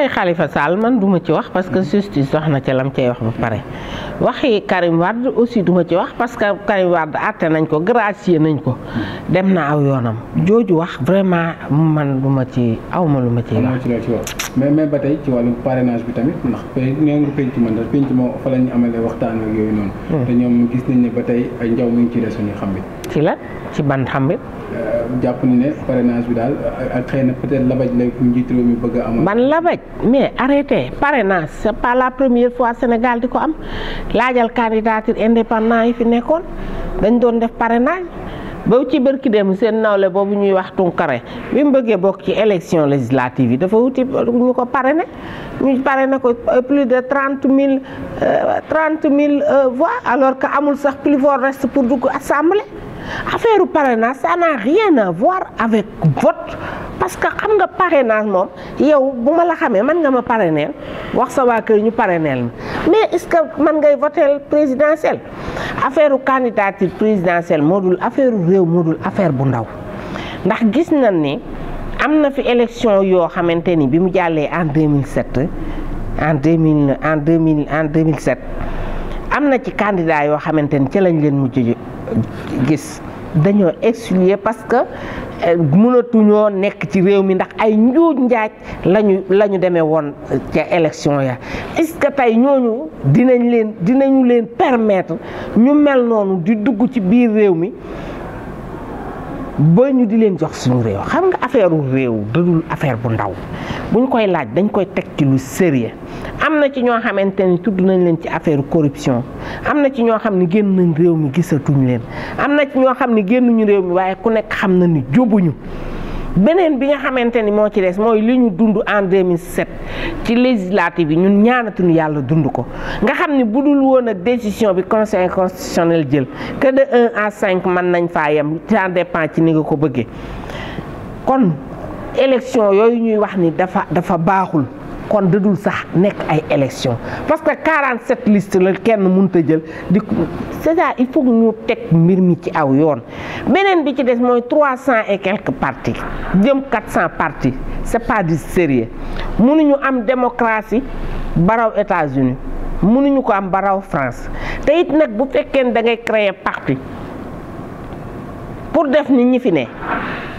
waxi Khalifa Sall man du ma ci wax parce que justice wax na ca lam wax ba pare waxi Karim aussi du ma ci wax parce que Karim Wade àtte nañ ko gracier nañ ko dem na aw yoonam jooju wax vraiment man du ma ci aw ma lu ma ci wax. mais mais ba tey ci wàllu parrainage bi tamit ndax nee nga penc ma ndax penc ma fa la ñu amalee waxtaan ak yooyu noonu. Hmm. te ñoom gis nañ ne ba tey ay njaw mi ngi ci des suñu xam bi ci la ci ban xam bi. Euh, jàpp ni ne parrainage bi daal ak euh, euh, xëy na peut labaj lay ku njiit réew mi bëgg a la première fois Sénégal di ko am laajal candidature indépendant yi fi nekkoon dañ doon def parrainage. ba ci bërki dem seen nawle boobu ñuy wax Tunkare bi mu bëggee bokk ci élection législative yi dafa wuti ñu ko parrainé ñu parrainé ko plus de trente mille trente mille voix alors que amul sax plus fort reste pour dugg assemblée. affaire parrainage ça n'a rien à voir avec vote parce que xam nga parrainage moom yow bu ma la xamee man nga ma parraineel wax sa waa kër ñu parraineel ma mais est-ce que man ngay voteel présidentiel affaire candidature présidentielle moo dul affaire réew moo dul affaire bu ndaw ndax gis nañ ni am na fi election yoo xamante ni bi mu jàllee en 2007 en 2000 en 2000 en 2007 am na ci candidat yoo xamante ni ca lañ leen mujj gis dañoo exilier parce que eh, mënatuñoo nekk ci réew mi ndax ay njuuj njaaj lañu la ñu demee woon ca élection ya est-ce que tey ñooñu dinañ leen dinañu leen permettre ñu mel noonu di dugg ci biir réew mi ba ñu di leen jox suñu réew xam nga affaire u réew dadul affaire bu ndaw buñ koy laaj dañ koy teg ci lu sérieux am na ci ñoo xamante ni tudd nañ leen ci affaire corruption am na ci ñoo xam ne génn nañ réew mi gisatuñu leen am na ci ñoo xam ne génnuñu réew mi waaye ku nekk xam na ni jóbuñu beneen bi nga xamante ni moo ci des mooy li ñu dund en 2007 ci législative yi ñun ñaanatuñu yàlla dund ko nga xam ni bu dul woon ak décision bi conseil constitutionnel jël que de 1 à cinq mën nañ faa yem ça dépend ci ni nga ko bëggee kon élection yooyu ñuy wax ni dafa dafa baaxul. kon dadul sax nekk ay élection parce que 47 liste la kenn munut a jël di c'est-à-dire il faut ñu teg mbir mi ci aw yoon beneen bi ci des mooy 300 et quelques partis jëm 400 partis c'est pas du sérieux mënuñu am démocratie baraw États-Unis mënuñu ko am baraw France te it nag bu fekkee ne da ngay créer parti pour def ni ñi fi ne.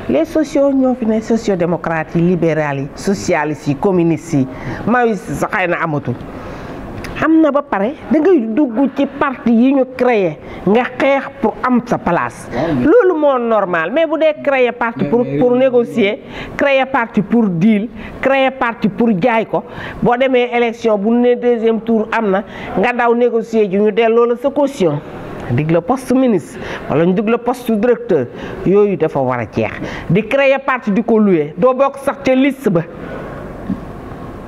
les sociaux ñoo fi ne sociaux démocrates yi libéral yi socialistes yi communistes yi maoïstes sa xay na amatul am na ba pare da ngay dugg ci parti yi ñu créer nga xeex pour am sa place loolu moo normal mais bu dee créer parti pour pour négocier créer parti pour deal créer parti pour jaay ko boo demee élection bu ne deuxième tour am na nga daw négocier ju ñu delloo la sa caution dig la poste ministre wala ñu dig la poste yooyu dafa war a jeex di créer parti di ko loué doo bokk sax ca liste ba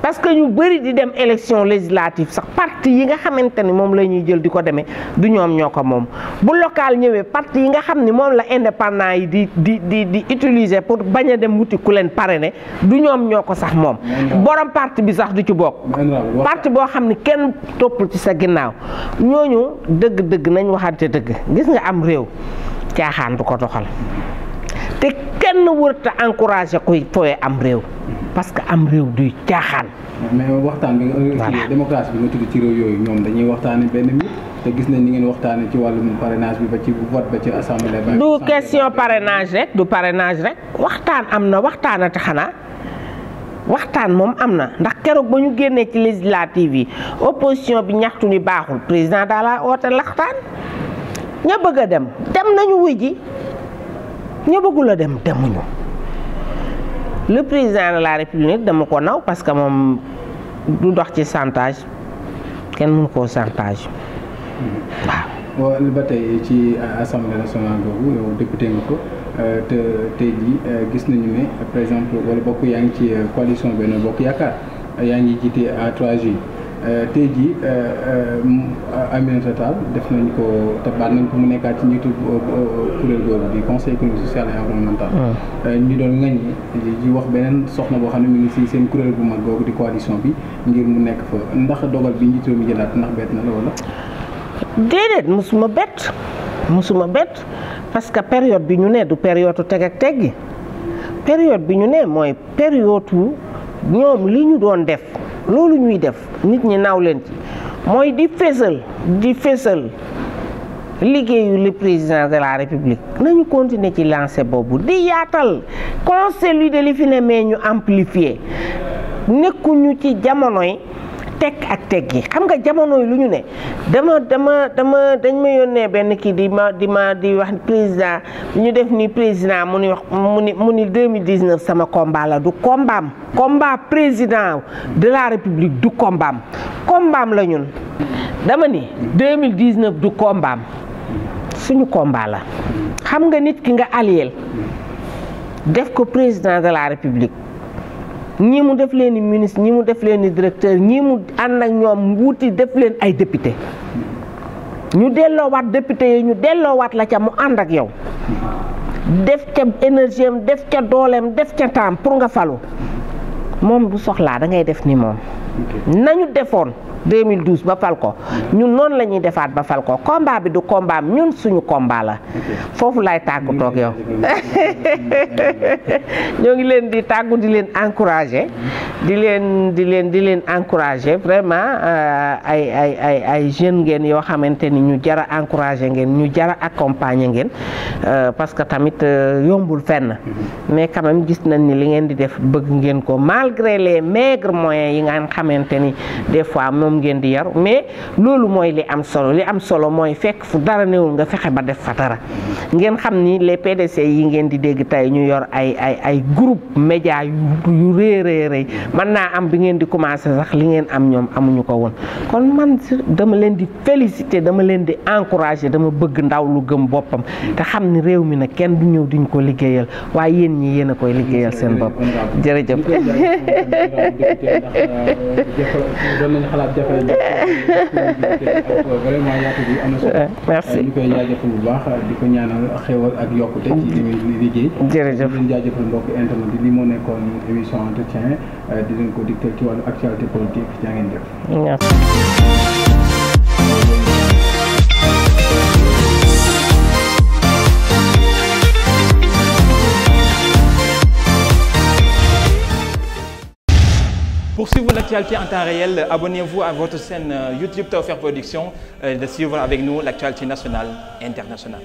parce que ñu bëri di dem élection législative sax parti yi nga xamante ni moom la ñuy jël di ko demee du ñoom ñoo ko moom bu local ñëwee parti yi nga xam ni moom la indépendant yi di di di di utiliser pour bañ a dem wuti ku leen parrainé du ñoom ñoo ko sax moom borom parti bi sax du ci bokk parti boo xam ni kenn toppul ci sa ginnaaw ñooñu dëgg-dëgg nañ waxante dëgg gis nga am réew caaxaan du ko doxal te kenn wërta encouragé kuy fooye am réew parce que am réew duy caaxaan. mais waxtaan bi nga. Euh, démocratie bi yooyu ñoom dañuy waxtaan benn mbir te gis nañ ni ngeen waxtaanee ci wàllum parrainage bi ba ci vote ba ci assemblée. du question parenage rek du parrainage rek waxtaan am na waxtaan waxtaanati xanaa waxtaan moom am na ndax keroog ba ñu génnee ci législative yi opposition bi ñaxtu ni baaxul président daal la oote laxtaan ña bëgg a dem dem nañu wuy ña bëggul a dem demuñu le président de la république dama ko naw parce que moom du dox ci chantage kenn mënu koo chantage waaw. ba tey ci assemblée nationale boobu yow député nga ko euh, te tey jii euh, gis nañu ne par exemple wala bokk yaa ngi ci euh, coalition benn bokk yaakaar yaa ngi jiite à trois juillet. Euh, tey jii euh, euh, Aminata Tall def nañ ko tabaat nañ ko mu nekkaat ci njiitu kuréel googu di conseil économique social et environnemental. ñu doon ngañ ji wax beneen soxna boo xam ne mu ngi si seen kuréel bu mag googu di coalition bi ngir mu nekk fa ndax dogal bi njiitu mi jëlaat ndax bett na la wala. déedéet mosuma bett mosuma bett parce que période bi ñu ne du période teg ak bi ñu ne mooy période ñoom li ñu doon def. loolu ñuy def nit ñi naaw leen ci mooy di fésal di fésal liggéeyu le président de la république nañu continuer ci lancé boobu di yaatal consolider li fi ne mais ñu amplifier nekkuñu ci jamonoy tekk ak teggi xam nga jamono yi lu ñu ne dama dama dama dañ ma yónnee benn kii di ma di di wax président ñu def ni président mu ni wax mu ni mu ni sama combat la du combaam combat président de la république du combaam combaam la ñun dama ni 2019 du combaam suñu combat la xam nga nit ki nga allié def ko président de la république ñii mu def leen ni ministre ñii mu def leen ni directeur ñii mu ànd ak ñoom wuti def leen ay député ñu delloowaat député yi ñu delloowaat la ca mu ànd ak yow def ca énergie def ca dooleem def ca temps pour nga falu moom bu soxlaa da def ni moom. nañu defoon 2012 ba fal ko ñun noonu la ñuy defaat ba fal ko combat bi du combat ñun suñu combat la foofu laay tàggu toog yow ñoo ngi leen di tàggu di leen encourager di leen di leen di leen encourager vraiment euh, ay ay ay ay jeunes ngeen yoo xamante ni ñu jara encourager ngeen ñu jara accompagner ngeen euh, parce que tamit euh, yombul fenn mais quand gis nañ ni li ngeen di def bëgg ngeen ko malgré les maigres moyens yi nga xamante ni des fois moom ngeen di yor mais loolu mooy li am solo li am solo mooy fekk fu dara newul nga fexe ba def fa dara ngeen xam ni les PDC yi ngeen di dégg tey ñu yor ay ay ay groupe média yu réeréeréy mën naa am bi ngeen di commencé sax li ngeen am ñoom amuñu ko woon kon man dama leen di féliciter dama leen di encourager dama bëgg ndaw lu gëm boppam te xam ni réew mi nag kenn du ñëw diñ ko liggéeyal waaye yéen ñi yéen a koy liggéeyal seen bopp jërëjëf merci ñu koy jaajëfal moo nekkoon émission di leen ko ci wàllu actualité politique jaa ngeen jëf. Pour suivre l'actualité en temps réel, abonnez-vous à votre chaîne euh, YouTube Tawfekh Production euh, de suivre avec nous l'actualité nationale internationale.